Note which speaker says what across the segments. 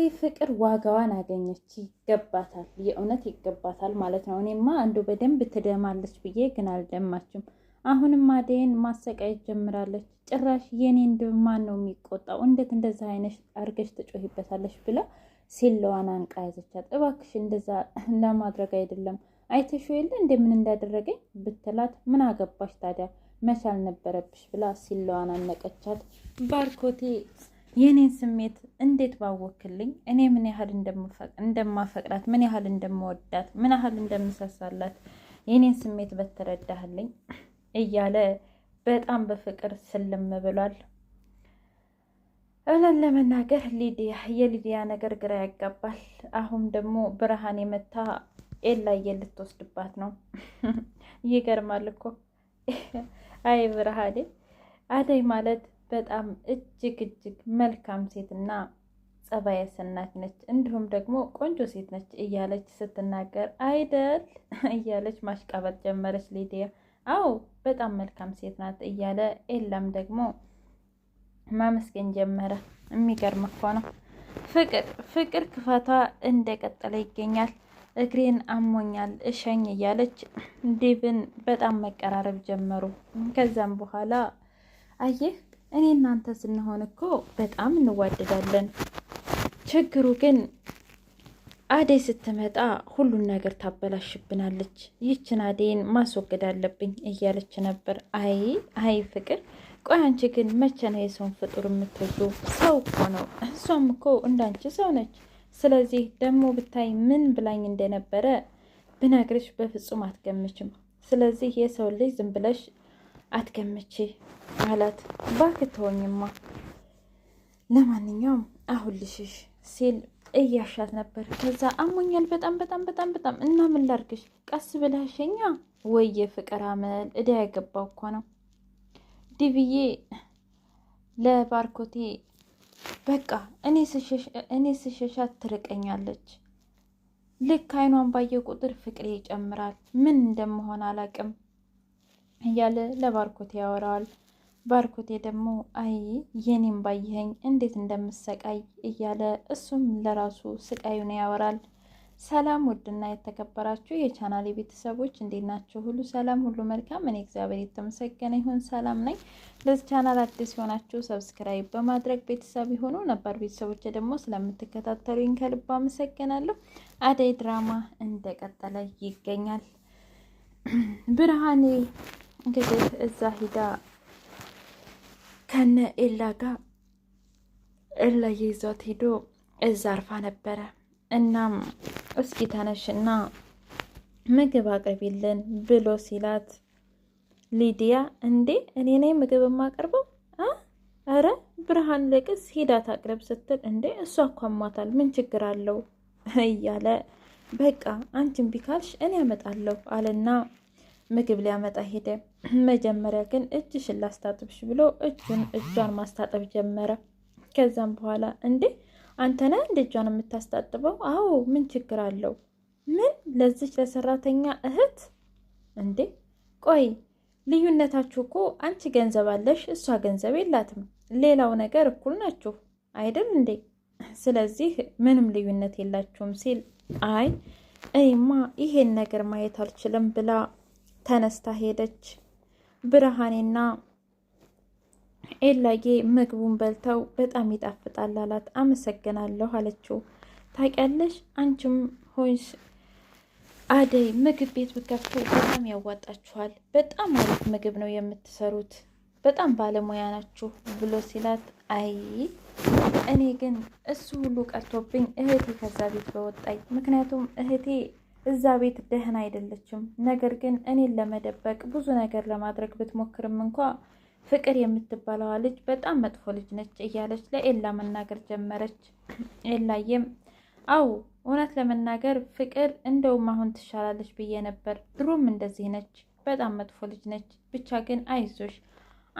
Speaker 1: ይህ ፍቅር ዋጋዋን አገኘች። ይገባታል፣ የእውነት ይገባታል ማለት ነው። እኔማ አንዱ በደንብ ትደማለች ብዬ ግን አልደማችም። አሁንም አደይን ማሰቃየት ጀምራለች። ጭራሽ የኔ እንደማን ነው የሚቆጣው? እንዴት እንደዛ አይነት አርገሽ ተጮሂበታለች ብላ ሲለዋን አንቃ ያዘቻት። እባክሽ እንደዛ ለማድረግ አይደለም አይተሽ የለ እንደምን እንዳደረገኝ ብትላት፣ ምን አገባሽ ታዲያ መቻል ነበረብሽ ብላ ሲለዋን አነቀቻት። ባርኮቴ የእኔን ስሜት እንዴት ባወክልኝ፣ እኔ ምን ያህል እንደማፈቅራት፣ ምን ያህል እንደምወዳት፣ ምን ያህል እንደምሳሳላት የእኔን ስሜት በተረዳህልኝ እያለ በጣም በፍቅር ስልም ብሏል። እውነት ለመናገር ሊዲያ የሊዲያ ነገር ግራ ያጋባል። አሁን ደግሞ ብርሃን የመታ ኤላዬ ልትወስድባት ነው። ይገርማል እኮ አይ ብርሃኔ አደይ ማለት በጣም እጅግ እጅግ መልካም ሴትና ጸባየ ሰናች ነች፣ እንዲሁም ደግሞ ቆንጆ ሴት ነች እያለች ስትናገር አይደል እያለች ማሽቃበጥ ጀመረች ሊዲያ። አዎ በጣም መልካም ሴት ናት እያለ ኤላም ደግሞ ማመስገን ጀመረ። የሚገርም እኮ ነው ፍቅር ፍቅር ክፋቷ እንደቀጠለ ይገኛል። እግሬን አሞኛል እሸኝ እያለች ዲብን በጣም መቀራረብ ጀመሩ። ከዛም በኋላ አየህ እኔ እናንተ ስንሆን እኮ በጣም እንዋደዳለን። ችግሩ ግን አደይ ስትመጣ ሁሉን ነገር ታበላሽብናለች። ይችን አደይን ማስወገድ አለብኝ እያለች ነበር። አይ አይ ፍቅር ቆይ አንቺ ግን መቼ ነው የሰውን ፍጡር የምትወዱ? ሰው እኮ ነው። እሷም እኮ እንዳንቺ ሰው ነች። ስለዚህ ደግሞ ብታይ ምን ብላኝ እንደነበረ ብነግርሽ በፍጹም አትገምችም። ስለዚህ የሰው ልጅ ዝም ብለሽ አትገምች። አላት። እባክህ ተወኝማ፣ ለማንኛውም አሁን ልሽሽ ሲል እያሻት ነበር። ከዛ አሞኛል በጣም በጣም በጣም በጣም እና ምን ላርግሽ? ቀስ ብላሸኛ ወይ የፍቅር አመል እዳ ያገባው እኮ ነው ዲቪዬ ለባርኮቴ በቃ እኔ ስሸሻት ትርቀኛለች። ልክ አይኗን ባየ ቁጥር ፍቅሬ ይጨምራል። ምን እንደመሆን አላቅም እያለ ለባርኮቴ ያወራዋል። ባርኮቴ ደግሞ አይ የኔም ባየኸኝ እንዴት እንደምሰቃይ እያለ እሱም ለራሱ ስቃዩን ያወራል። ሰላም ውድና የተከበራችሁ የቻናል ቤተሰቦች እንዴት ናቸው? ሁሉ ሰላም፣ ሁሉ መልካም። እኔ እግዚአብሔር የተመሰገነ ይሁን ሰላም ነኝ። ለዚህ ቻናል አዲስ የሆናችሁ ሰብስክራይብ በማድረግ ቤተሰብ የሆኑ ነባር ቤተሰቦች ደግሞ ስለምትከታተሉኝ ከልብ አመሰግናለሁ። አደይ ድራማ እንደቀጠለ ይገኛል። ብርሃኔ እንግዲህ እዛ ሂዳ ከነ ኤላ ጋር ኤላ ይዟት ሄዶ እዛ አርፋ ነበረ። እናም እስኪ ተነሽና ምግብ አቅርቢልን ብሎ ሲላት ሊዲያ እንዴ እኔ ነኝ ምግብ የማቀርበው? አረ ብርሃን ልቅስ ሄዳት አቅረብ ስትል እንዴ እሷ አኳሟታል ምን ችግር አለው እያለ በቃ አንቺን ቢካልሽ እኔ ያመጣለሁ አለና ምግብ ሊያመጣ ሄደ። መጀመሪያ ግን እጅሽን ላስታጥብሽ ብሎ እጁን እጇን ማስታጠብ ጀመረ። ከዛም በኋላ እንዴ አንተ ነህ እንደ እጇን የምታስታጥበው? አዎ ምን ችግር አለው? ምን ለዚች ለሰራተኛ እህት እንዴ ቆይ ልዩነታችሁ እኮ አንቺ ገንዘብ አለሽ፣ እሷ ገንዘብ የላትም። ሌላው ነገር እኩል ናችሁ አይደል እንዴ? ስለዚህ ምንም ልዩነት የላችሁም ሲል አይ እይማ ይሄን ነገር ማየት አልችልም ብላ ተነስታ ሄደች። ብርሃኔና ኤላጌ ምግቡን በልተው በጣም ይጣፍጣል አላት። አመሰግናለሁ አለችው። ታውቂያለሽ አንቺም ሆንሽ አደይ ምግብ ቤት ብከፍቱ በጣም ያዋጣችኋል። በጣም አሪፍ ምግብ ነው የምትሰሩት፣ በጣም ባለሙያ ናችሁ ብሎ ሲላት፣ አይ እኔ ግን እሱ ሁሉ ቀርቶብኝ እህቴ ከዛ ቤት በወጣኝ። ምክንያቱም እህቴ እዛ ቤት ደህን አይደለችም። ነገር ግን እኔን ለመደበቅ ብዙ ነገር ለማድረግ ብትሞክርም እንኳ ፍቅር የምትባለዋ ልጅ በጣም መጥፎ ልጅ ነች እያለች ለኤላ መናገር ጀመረች። ኤላዬም አዎ እውነት ለመናገር ፍቅር እንደውም አሁን ትሻላለች ብዬ ነበር። ድሮም እንደዚህ ነች፣ በጣም መጥፎ ልጅ ነች። ብቻ ግን አይዞሽ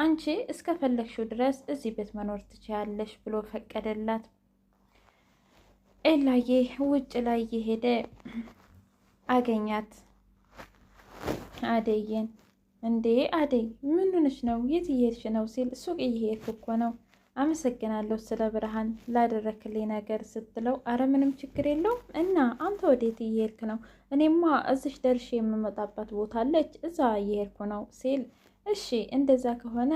Speaker 1: አንቺ እስከፈለግሽው ድረስ እዚህ ቤት መኖር ትችያለሽ ብሎ ፈቀደላት። ኤላዬ ውጭ ላይ እየሄደ። አገኛት አደየን እንዴ አደይ ምን ሆነሽ ነው? የት እየሄድሽ ነው? ሲል ሱቅ እየሄድኩ እኮ ነው። አመሰግናለሁ ስለ ብርሃን ላደረክልኝ ነገር ስትለው፣ አረ ምንም ችግር የለውም እና አንተ ወዴት እየሄድክ ነው? እኔማ እዚሽ ደርሼ የምመጣባት ቦታ አለች እዛ እየሄድኩ ነው ሲል፣ እሺ እንደዛ ከሆነ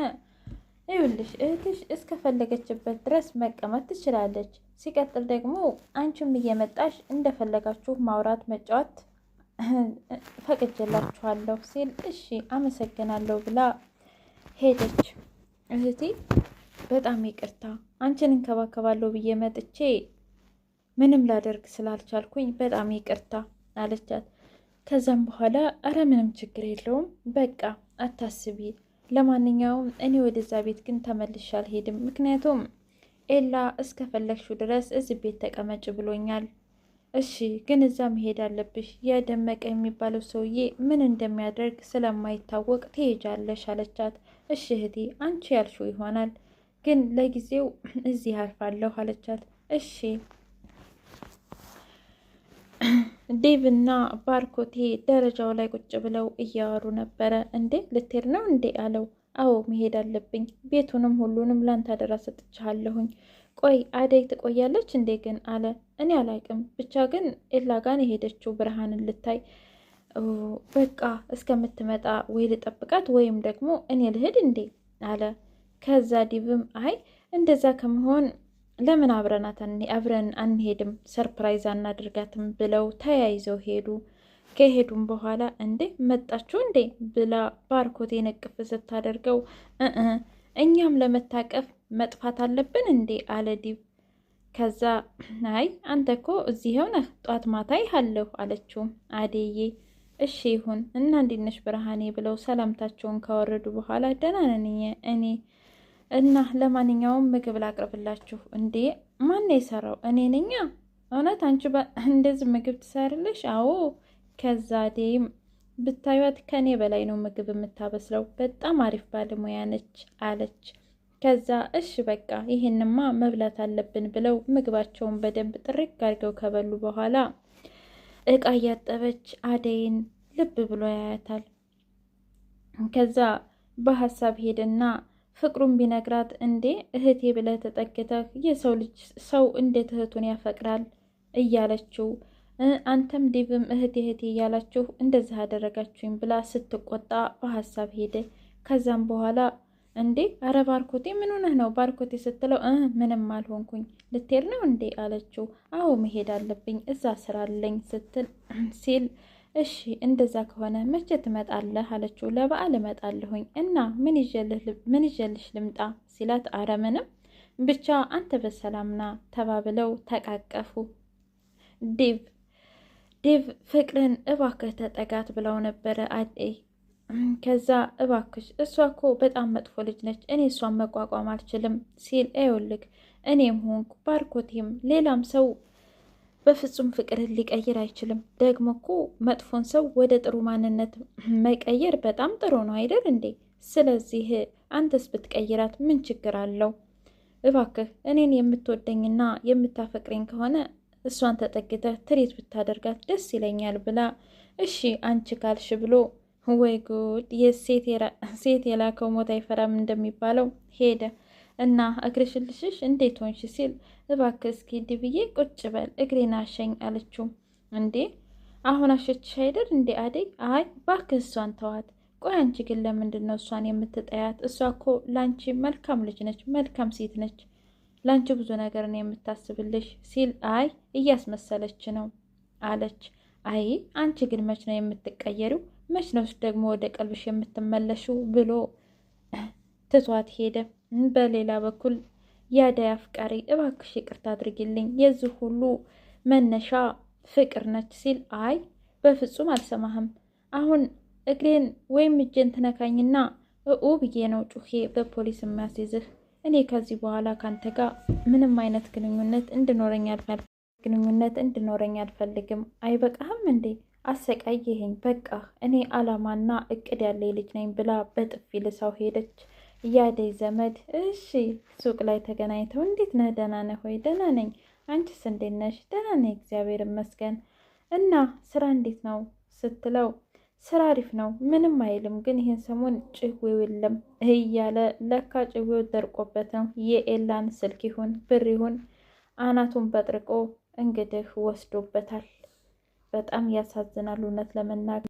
Speaker 1: ይኸውልሽ እህትሽ እስከፈለገችበት ድረስ መቀመጥ ትችላለች። ሲቀጥል ደግሞ አንቺም እየመጣሽ እንደፈለጋችሁ ማውራት መጫወት ፈቅጀላችኋለሁ ሲል እሺ አመሰግናለሁ ብላ ሄደች። እህቴ በጣም ይቅርታ አንቺን እንከባከባለሁ ብዬ መጥቼ ምንም ላደርግ ስላልቻልኩኝ በጣም ይቅርታ አለቻት። ከዛም በኋላ አረ ምንም ችግር የለውም በቃ አታስቢ። ለማንኛውም እኔ ወደዛ ቤት ግን ተመልሼ አልሄድም፣ ምክንያቱም ኤላ እስከፈለግሽው ድረስ እዚህ ቤት ተቀመጭ ብሎኛል እሺ ግን እዛ መሄድ አለብሽ። የደመቀ የሚባለው ሰውዬ ምን እንደሚያደርግ ስለማይታወቅ ትሄጃለሽ አለቻት። እሺ እህቴ አንቺ ያልሽው ይሆናል፣ ግን ለጊዜው እዚህ አርፋለሁ አለቻት። እሺ ዴቭና ባርኮቴ ደረጃው ላይ ቁጭ ብለው እያወሩ ነበረ። እንዴ ልትሄድ ነው እንዴ አለው። አዎ መሄድ አለብኝ፣ ቤቱንም ሁሉንም ላንተ አደራ ሰጥቻለሁኝ ቆይ አደይ ትቆያለች እንዴ ግን አለ። እኔ አላውቅም ብቻ ግን ኤላ ጋን የሄደችው ብርሃንን ልታይ በቃ እስከምትመጣ ወይ ልጠብቃት ወይም ደግሞ እኔ ልህድ እንዴ አለ። ከዛ ዲብም አይ እንደዛ ከመሆን ለምን አብረናት አብረን አንሄድም ሰርፕራይዝ አናድርጋትም ብለው ተያይዘው ሄዱ። ከሄዱም በኋላ እንዴ መጣችሁ እንዴ ብላ ባርኮቴ ነቅፍ ስታደርገው እኛም ለመታቀፍ መጥፋት አለብን እንዴ አለ ዲብ። ከዛ አይ አንተ እኮ እዚህው ነህ ጧት ማታ ይሃለሁ አለችው አዴዬ። እሺ ይሁን እና እንዴት ነሽ ብርሃኔ ብለው ሰላምታቸውን ካወረዱ በኋላ ደህና ነኝ እኔ እና ለማንኛውም ምግብ ላቅርብላችሁ። እንዴ ማን የሰራው? እኔ ነኛ። እውነት አንቺ እንደዚህ ምግብ ትሰርልሽ? አዎ። ከዛ አዴይም ብታዩት ከኔ በላይ ነው ምግብ የምታበስለው፣ በጣም አሪፍ ባለሙያ ነች አለች። ከዛ እሺ በቃ ይሄንማ መብላት አለብን ብለው ምግባቸውን በደንብ ጥርግ አድርገው ከበሉ በኋላ እቃ እያጠበች አደይን ልብ ብሎ ያያታል። ከዛ በሀሳብ ሄደና ፍቅሩን ቢነግራት እንዴ እህቴ ብለህ ተጠግተህ የሰው ልጅ ሰው እንዴት እህቱን ያፈቅራል እያለችው አንተም ዲብም እህቴ እህቴ እያላችሁ እንደዚህ አደረጋችሁኝ ብላ ስትቆጣ በሀሳብ ሄደ። ከዛም በኋላ እንዴ አረ ባርኮቴ ምን ሆነህ ነው ባርኮቴ ስትለው እ ምንም አልሆንኩኝ ልትሄድ ነው እንዴ አለችው አዎ መሄድ አለብኝ እዛ ስራ አለኝ ስትል ሲል እሺ እንደዛ ከሆነ መቼ ትመጣለህ አለችው ለበዓል እመጣለሁኝ እና ምን ይዤልሽ ልምጣ ሲላት አረ ምንም ብቻ አንተ በሰላምና ተባብለው ተቃቀፉ ዴቭ ዴቭ ፍቅርን እባክህ ተጠጋት ብለው ነበረ አዴ ከዛ እባክሽ እሷ እኮ በጣም መጥፎ ልጅ ነች፣ እኔ እሷን መቋቋም አልችልም ሲል ይኸውልህ፣ እኔም ሆንኩ ባርኮቴም ሌላም ሰው በፍጹም ፍቅርን ሊቀይር አይችልም። ደግሞ እኮ መጥፎን ሰው ወደ ጥሩ ማንነት መቀየር በጣም ጥሩ ነው አይደል እንዴ? ስለዚህ አንተስ ብትቀይራት ምን ችግር አለው? እባክህ እኔን የምትወደኝና የምታፈቅረኝ ከሆነ እሷን ተጠግተህ ትሪት ብታደርጋት ደስ ይለኛል ብላ እሺ አንቺ ካልሽ ብሎ ወይ ጉድ! ሴት የላከው ሞት አይፈራም እንደሚባለው ሄደ እና እግርሽን ልሽሽ እንዴት ሆንሽ ሲል እባክህ እስኪ ብዬ ቁጭ በል እግሬን አሸኝ አለችው። እንዴ አሁን አሸችሽ አይደል እንዴ አደይ? አይ እባክህ እሷን ተዋት። ቆይ አንቺ ግን ለምንድን ነው እሷን የምትጠያት? እሷ እኮ ላንቺ መልካም ልጅ ነች፣ መልካም ሴት ነች። ላንቺ ብዙ ነገር ነው የምታስብልሽ ሲል አይ እያስመሰለች ነው አለች። አይ አንቺ ግን መች ነው የምትቀየሪው መች ነው ደግሞ ወደ ቀልብሽ የምትመለሹ ብሎ ትቷት ሄደ። በሌላ በኩል የአደይ አፍቃሪ እባክሽ ይቅርታ አድርጊልኝ፣ የዚህ ሁሉ መነሻ ፍቅር ነች ሲል አይ በፍጹም አልሰማህም። አሁን እግሬን ወይም እጄን ትነካኝና እኡ ብዬ ነው ጩኼ በፖሊስ የሚያስይዝህ። እኔ ከዚህ በኋላ ካንተ ጋር ምንም አይነት ግንኙነት እንድኖረኝ ግንኙነት እንድኖረኝ አልፈልግም። አይበቃህም እንዴ? አሰቃይህኝ፣ በቃ እኔ አላማና እቅድ ያለኝ ልጅ ነኝ ብላ በጥፊ ልሳው ሄደች። እያደይ ዘመድ እሺ፣ ሱቅ ላይ ተገናኝተው እንዴት ነህ? ደህና ነህ ሆይ? ደህና ነኝ፣ አንቺስ እንዴት ነሽ? ደህና ነኝ፣ እግዚአብሔር ይመስገን። እና ስራ እንዴት ነው ስትለው ስራ አሪፍ ነው፣ ምንም አይልም። ግን ይህን ሰሞን ጭዌው የለም እያለ ለካ ጭዌው ደርቆበት ነው። የኤላን ስልክ ይሁን ብር ይሁን አናቱን በጥርቆ እንግዲህ ወስዶበታል። በጣም ያሳዝናል እውነት ለመናገር